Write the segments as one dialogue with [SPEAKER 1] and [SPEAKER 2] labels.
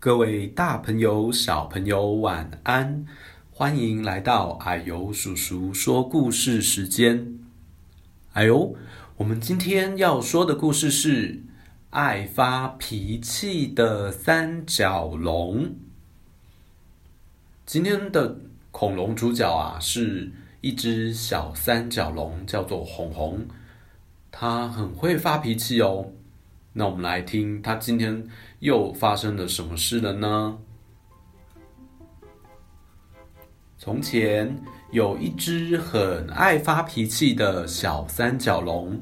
[SPEAKER 1] 各位大朋友、小朋友，晚安！歡迎來到啊呦叔叔說故事時間。啊呦，我們今天要說的故事是《愛發脾氣的三角龍》。今天的恐龍主角啊，是一隻小三角龍，叫做紅紅，它很會發脾氣哦。那我們來聽，他今天又發生了什麼事了呢？從前有一隻很愛發脾氣的小三角龍，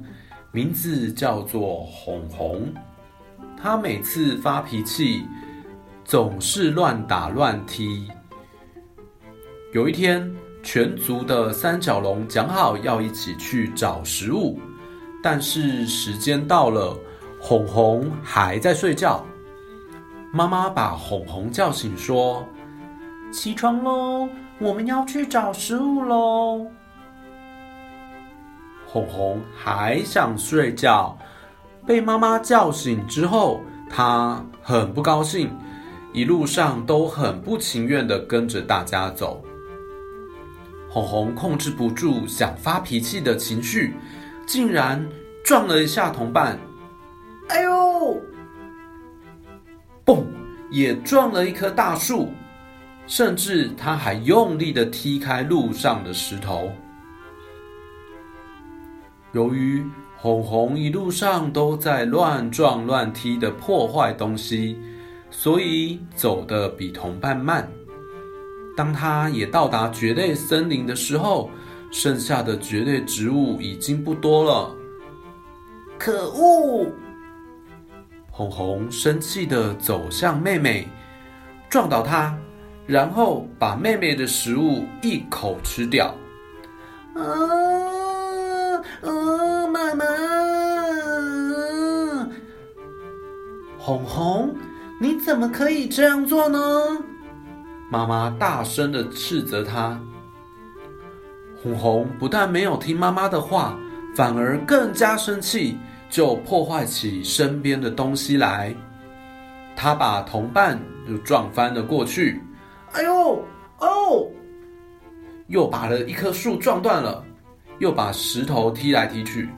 [SPEAKER 1] 名字叫做宏宏。它每次發脾氣總是亂打亂踢。有一天，全族的三角龍講好要一起去找食物，但是時間到了，宏宏還在睡覺，媽媽把宏宏叫醒，說：“起床嘍，我們要去找食物嘍。”宏宏還想睡覺，被媽媽叫醒之後，他很不高興，一路上都很不情願地跟着大家走。宏宏控制不住想發脾氣的情緒，竟然撞了一下同伴。哎呦！嘣，也撞了一棵大樹，甚至他還用力的踢開路上的石頭。由於宏宏一路上都在亂撞亂踢的破壞東西，所以走得比同伴慢。當他也到達蕨類森林的時候，剩下的蕨類植物已經不多了。可惡！紅紅生氣地走向妹妹，撞倒她，然後把妹妹的食物一口吃掉。啊啊！媽媽，宏宏，你怎麼可以這樣做呢？媽媽大聲地斥責她。宏宏不但沒有聽媽媽的話，反而更加生氣。就破壞起身邊的東西來，他把同伴又撞翻了過去，哎呦，哦，又把了一棵樹撞斷了，又把石頭踢來踢去。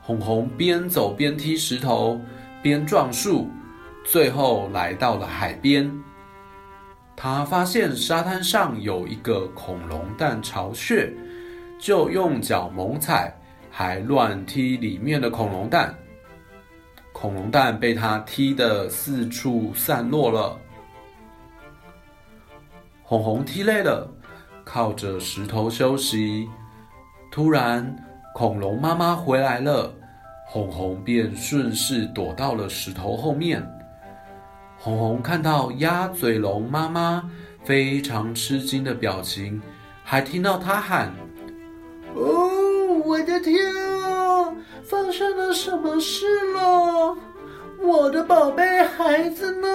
[SPEAKER 1] 宏宏邊走邊踢石頭，邊撞樹，最後來到了海邊。他發現沙灘上有一個恐龍蛋巢穴，就用腳猛踩。還亂踢裡面的恐龍蛋，恐龍蛋被他踢得四處散落了。宏宏踢累了，靠着石頭休息。突然，恐龍媽媽回來了，宏宏便順勢躲到了石頭後面。宏宏看到鴨嘴龍媽媽非常吃驚的表情，還聽到它喊：“哦我的天啊！發生了什麼事了？我的寶貝孩子呢？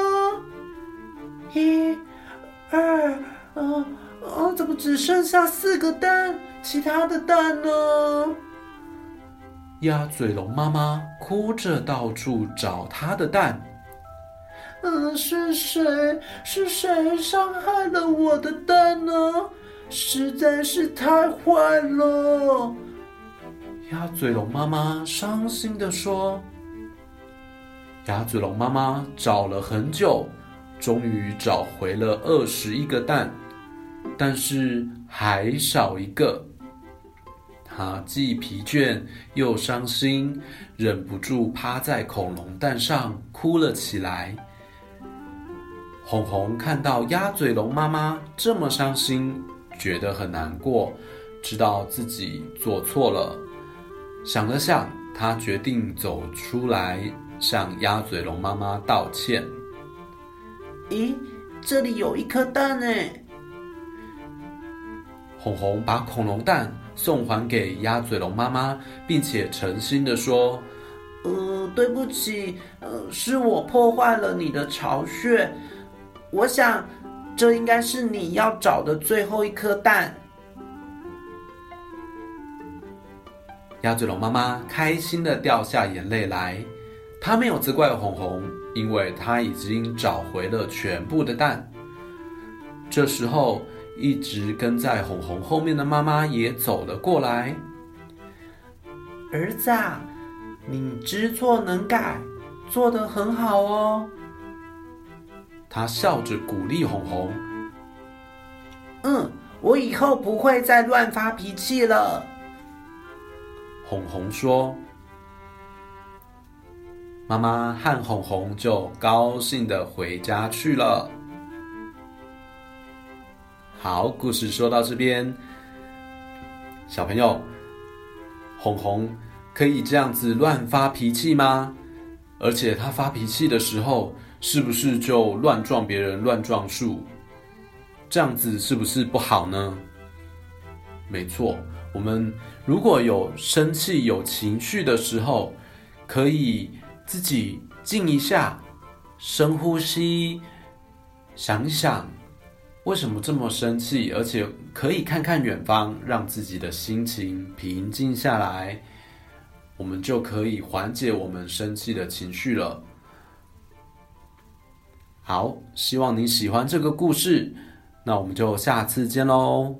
[SPEAKER 1] 一，二，啊、呃、啊、呃！怎麼只剩下四個蛋？其他的蛋呢？鴨嘴龍媽媽哭着到處找它的蛋。嗯、呃，是誰？是誰傷害了我的蛋呢？實在是太壞了！鴨嘴龍媽媽傷心地說：“鴨嘴龍媽媽找了很久，終於找回了二十一個蛋，但是還少一個。它既疲倦又傷心，忍不住趴在恐龍蛋上哭了起來。”宏宏看到鴨嘴龍媽媽這麼傷心，覺得很難過，知道自己做錯了。想了想，他決定走出來向鴨嘴龍媽媽道歉。咦，這裡有一顆蛋呢。宏宏把恐龍蛋送還給鴨嘴龍媽媽，並且誠心的說：“呃，對不起，呃，是我破壞了你的巢穴。我想，這應該是你要找的最後一顆蛋。”鴨嘴龍媽媽開心的掉下眼淚來，它沒有責怪紅紅，因為它已經找回了全部的蛋。這時候，一直跟在紅紅後面的媽媽也走了過來。兒子啊，你知錯能改，做得很好哦。他笑着鼓勵紅紅。嗯，我以後不會再亂發脾氣了。宏宏說：“媽媽和宏宏就高興的回家去了。”好，故事說到這邊，小朋友，宏宏可以這樣子亂發脾氣嗎？而且他發脾氣的時候，是不是就亂撞別人、亂撞樹？這樣子是不是不好呢？沒錯。我們如果有生氣、有情緒的時候，可以自己靜一下，深呼吸，想一想為什麼這麼生氣，而且可以看看遠方，讓自己的心情平靜下來，我們就可以緩解我們生氣的情緒了。好，希望你喜歡這個故事，那我們就下次見嘍。